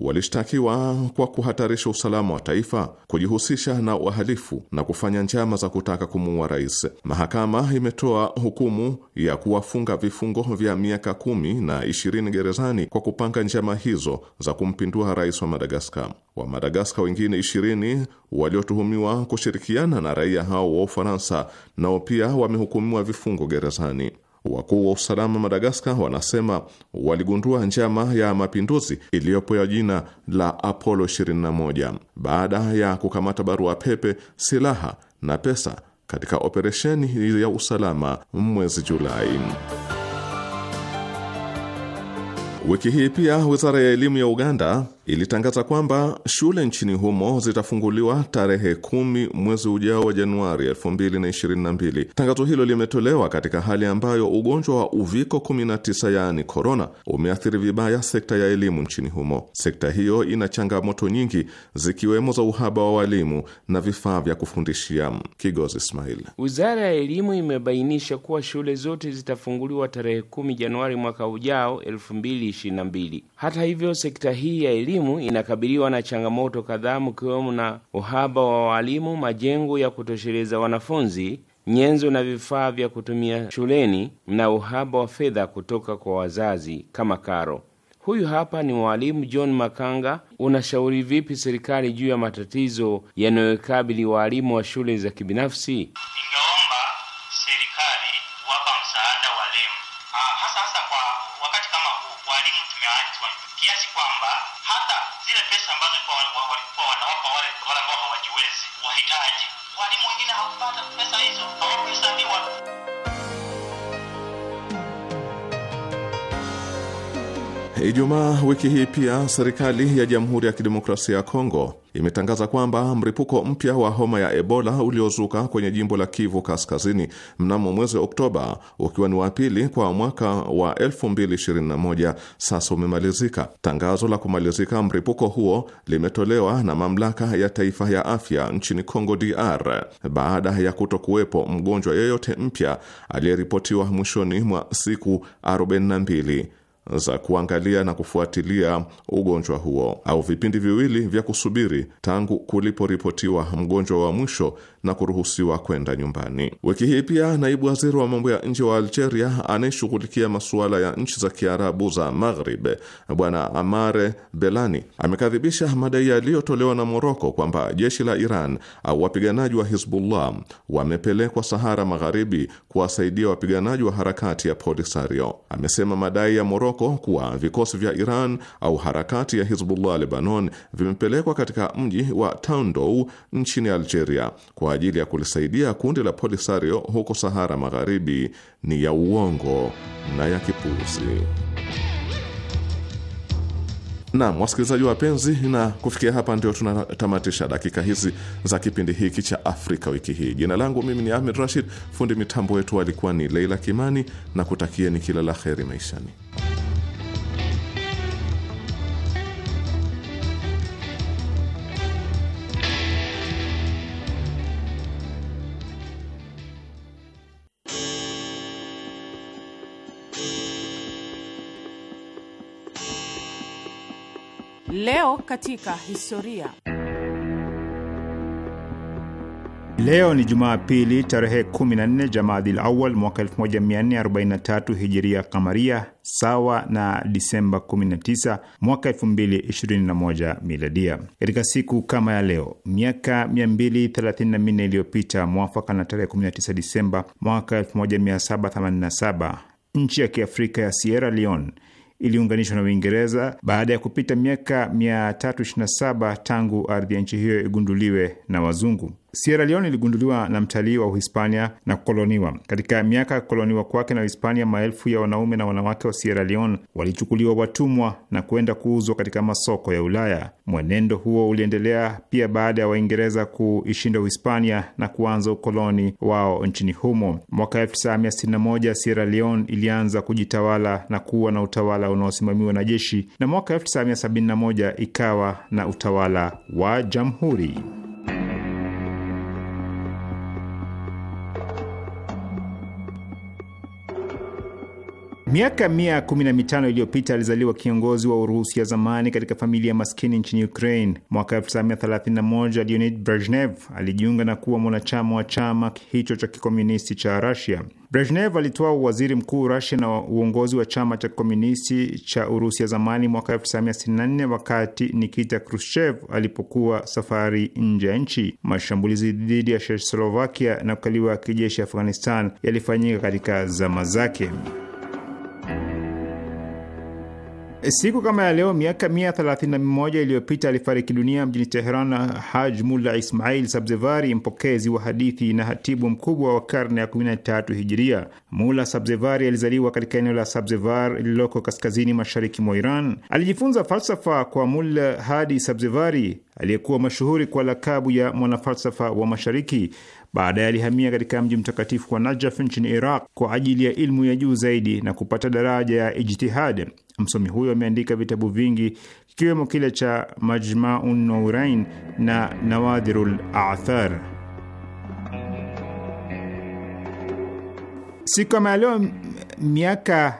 F: walishtakiwa kwa kuhatarisha usalama wa taifa, kujihusisha na uhalifu na kufanya njama za kutaka kumuua rais. Mahakama imetoa hukumu ya kuwafunga vifungo vya miaka kumi na ishirini gerezani kwa kupanga njama hizo za kumpindua rais wa Madagaskar. Wa Madagaskar wengine ishirini waliotuhumiwa kushirikiana na raia hao wa Ufaransa nao pia wamehukumiwa vifungo gerezani. Wakuu wa usalama Madagaskar wanasema waligundua njama ya mapinduzi iliyopewa jina la Apollo 21 baada ya kukamata barua pepe, silaha na pesa katika operesheni ya usalama mwezi Julai. Wiki hii pia wizara ya elimu ya Uganda ilitangaza kwamba shule nchini humo zitafunguliwa tarehe kumi mwezi ujao wa Januari 2022. Tangazo hilo limetolewa katika hali ambayo ugonjwa wa uviko 19 yaani korona umeathiri vibaya sekta ya elimu nchini humo. Sekta hiyo ina changamoto nyingi zikiwemo za uhaba wa walimu na vifaa vya kufundishia. Kigozi Ismail.
C: Wizara ya Elimu imebainisha kuwa shule zote zitafunguliwa tarehe kumi Januari mwaka ujao 2022. Hata hivyo, sekta hii ya elimu elimu inakabiliwa na changamoto kadhaa, mkiwemo na uhaba wa walimu, majengo ya kutosheleza wanafunzi, nyenzo na vifaa vya kutumia shuleni, na uhaba wa fedha kutoka kwa wazazi kama karo. Huyu hapa ni mwalimu John Makanga. Unashauri vipi serikali juu ya matatizo yanayokabili waalimu wa shule za kibinafsi? the precise of our
F: Ijumaa wiki hii pia serikali ya Jamhuri ya Kidemokrasia ya Kongo imetangaza kwamba mlipuko mpya wa homa ya Ebola uliozuka kwenye jimbo la Kivu Kaskazini mnamo mwezi wa Oktoba, ukiwa ni wa pili kwa mwaka wa 2021 sasa umemalizika. Tangazo la kumalizika mlipuko huo limetolewa na mamlaka ya taifa ya afya nchini congo DR baada ya kuto kuwepo mgonjwa yeyote mpya aliyeripotiwa mwishoni mwa siku 42 za kuangalia na kufuatilia ugonjwa huo au vipindi viwili vya kusubiri tangu kuliporipotiwa mgonjwa wa mwisho na kuruhusiwa kwenda nyumbani. Wiki hii pia naibu waziri wa mambo ya nje wa Algeria anayeshughulikia masuala ya nchi za Kiarabu za Maghrib, Bwana Amare Belani amekadhibisha madai yaliyotolewa na Moroko kwamba jeshi la Iran au wapiganaji wa Hizbullah wamepelekwa Sahara Magharibi kuwasaidia wapiganaji wa harakati ya Polisario. Amesema madai ya Moroko kuwa vikosi vya Iran au harakati ya Hizbullah Lebanon vimepelekwa katika mji wa Tandou nchini Algeria kwa ajili ya kulisaidia kundi la Polisario huko Sahara Magharibi ni ya uongo na ya kipuzi Nam, wasikilizaji wapenzi, na kufikia hapa ndio tunatamatisha dakika hizi za kipindi hiki cha Afrika wiki hii. Jina langu mimi ni Ahmed Rashid, fundi mitambo wetu alikuwa ni Leila Kimani, na kutakieni kila la heri maishani.
B: Leo katika historia.
C: Leo ni pili tarehe 14 jamaadil Awal mwaka 1443 hijiria kamaria, sawa na Disemba 19 mwaka 2021 miladia. Katika siku kama ya leo miaka 234 iliyopita, mwafaka na tarehe 19 Disemba mwaka 1787, nchi ya kiafrika ya Sierra Leone iliunganishwa na Uingereza baada ya kupita miaka 327 tangu ardhi ya nchi hiyo igunduliwe na wazungu. Sierra Leone iligunduliwa na mtalii wa Uhispania na kukoloniwa. Katika miaka ya kukoloniwa kwake na Uhispania, maelfu ya wanaume na wanawake wa Sierra Leone walichukuliwa watumwa na kwenda kuuzwa katika masoko ya Ulaya. Mwenendo huo uliendelea pia baada ya Waingereza kuishinda Uhispania na kuanza ukoloni wao nchini humo. Mwaka 1961 Sierra Leone ilianza kujitawala na kuwa na utawala unaosimamiwa na jeshi, na mwaka 1971 ikawa na utawala wa jamhuri. Miaka mia kumi na mitano iliyopita alizaliwa kiongozi wa Urusi ya zamani katika familia maskini nchini Ukraine. Mwaka 1931 Leonid Brezhnev alijiunga na kuwa mwanachama wa chama hicho cha kikomunisti cha Rasia. Brezhnev alitoa uwaziri mkuu Rasia na uongozi wa chama cha kikomunisti cha Urusi ya zamani mwaka 1964 wakati Nikita Khrushchev alipokuwa safari nje ya nchi. Mashambulizi dhidi ya Chekoslovakia na kukaliwa kijeshi Afghanistan yalifanyika katika zama zake. Eh, siku kama ya leo miaka 131 iliyopita alifariki dunia mjini Teheran Haj Mulla Ismail Sabzevari, mpokezi wa hadithi na hatibu mkubwa wa karne ya 13 Hijiria. Mulla Sabzevari alizaliwa katika eneo la Sabzevar lililoko kaskazini mashariki mwa Iran. Alijifunza falsafa kwa Mulla Hadi Sabzevari aliyekuwa mashuhuri kwa lakabu ya mwanafalsafa wa Mashariki. Baadaye alihamia katika mji mtakatifu wa Najaf nchini Iraq kwa ajili ya ilmu ya juu zaidi na kupata daraja ya ijtihad. Msomi huyo ameandika vitabu vingi kikiwemo kile cha Majmaun Nourain na Nawadhirul Athar. Siku kama ya leo miaka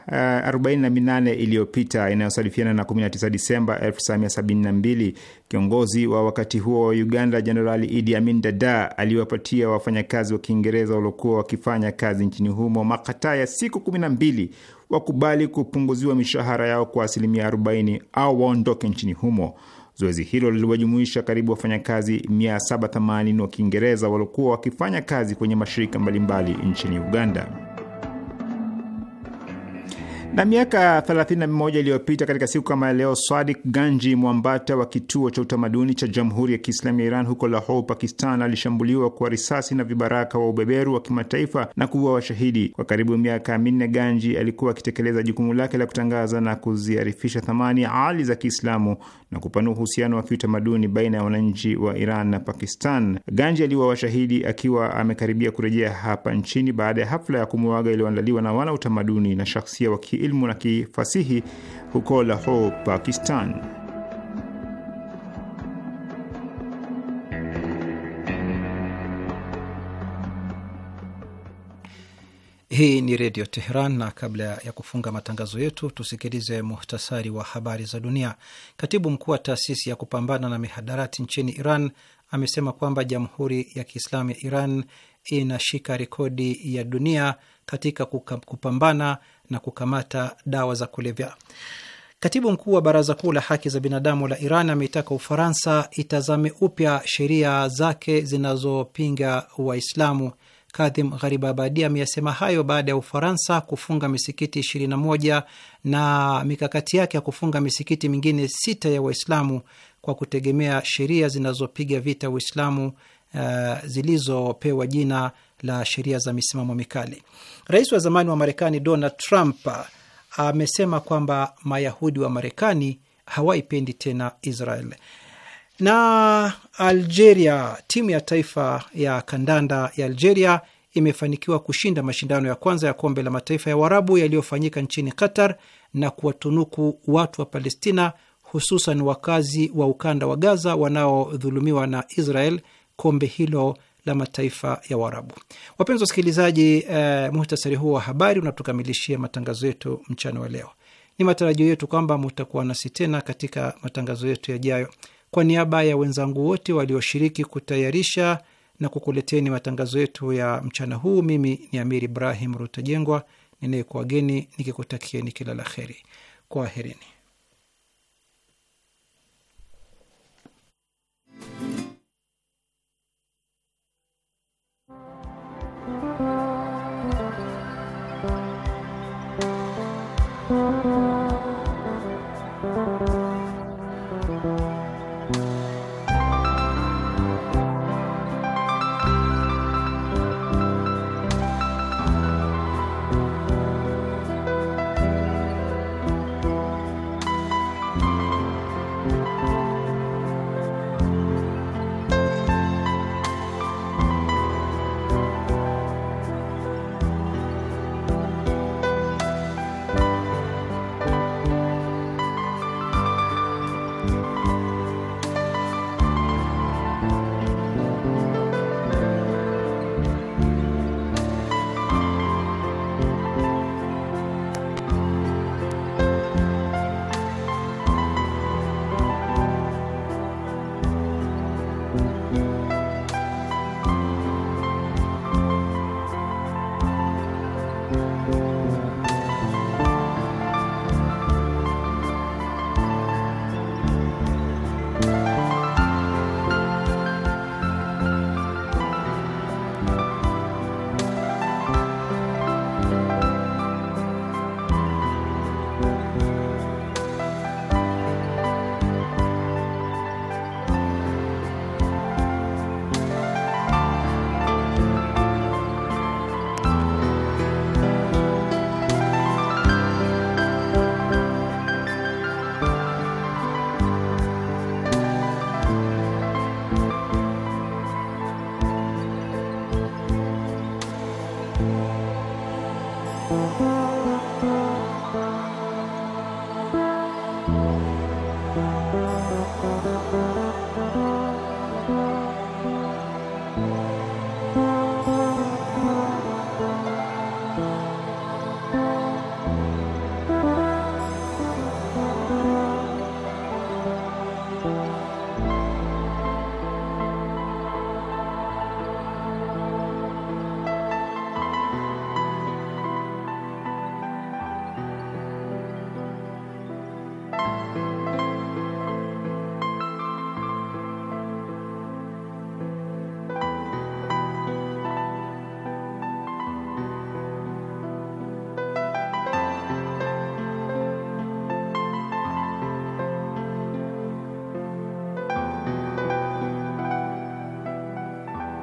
C: uh, 48 iliyopita inayosadifiana na 19 Disemba 1972 kiongozi wa wakati huo wa Uganda Jenerali Idi Amin Dada aliwapatia wafanyakazi wa Kiingereza waliokuwa wakifanya kazi nchini humo makataa ya siku 12 wakubali kupunguziwa mishahara yao kwa asilimia 40 au waondoke nchini humo. Zoezi hilo liliwajumuisha karibu wafanyakazi 780 wa Kiingereza waliokuwa wakifanya kazi kwenye mashirika mbalimbali nchini Uganda. Na miaka 31 iliyopita katika siku kama leo, Sadik Ganji, mwambata wa kituo cha utamaduni cha Jamhuri ya Kiislamu ya Iran huko Lahore, Pakistan, alishambuliwa kwa risasi na vibaraka wa ubeberu wa kimataifa na kuwa washahidi. Kwa karibu miaka minne, Ganji alikuwa akitekeleza jukumu lake la kutangaza na kuziarifisha thamani ali za Kiislamu na kupanua uhusiano wa kiutamaduni baina ya wananchi wa Iran na Pakistan. Ganji aliwa washahidi akiwa amekaribia kurejea hapa nchini baada ya hafla ya kumuaga iliyoandaliwa na wana utamaduni na shahsia wa kiilmu na kifasihi huko Lahore, Pakistan.
A: Hii ni Redio Teheran, na kabla ya kufunga matangazo yetu tusikilize muhtasari wa habari za dunia. Katibu mkuu wa taasisi ya kupambana na mihadarati nchini Iran amesema kwamba Jamhuri ya Kiislamu ya Iran inashika rekodi ya dunia katika kupambana na kukamata dawa za kulevya. Katibu mkuu wa Baraza Kuu la Haki za Binadamu la Iran ameitaka Ufaransa itazame upya sheria zake zinazopinga Waislamu Kadhim Gharibabadi ameyasema hayo baada ya Ufaransa kufunga misikiti 21 na mikakati yake ya kufunga misikiti mingine sita ya Waislamu kwa kutegemea sheria zinazopiga vita Uislamu uh, zilizopewa jina la sheria za misimamo mikali. Rais wa zamani wa Marekani Donald Trump amesema kwamba Mayahudi wa Marekani hawaipendi tena Israel. Na Algeria, timu ya taifa ya kandanda ya Algeria imefanikiwa kushinda mashindano ya kwanza ya kombe la mataifa ya Uarabu yaliyofanyika nchini Qatar na kuwatunuku watu wa Palestina, hususan wakazi wa ukanda wa Gaza wanaodhulumiwa na Israel kombe hilo la mataifa ya Uarabu. Wapenzi wasikilizaji, eh, muhtasari huo wa habari unatukamilishia matangazo yetu mchana wa leo. Ni matarajio yetu kwamba mutakuwa nasi tena katika matangazo yetu yajayo. Kwa niaba ya wenzangu wote walioshiriki kutayarisha na kukuleteni matangazo yetu ya mchana huu, mimi ni Amir Ibrahim Rutajengwa ninayekuwageni nikikutakieni kila la heri. Kwaherini.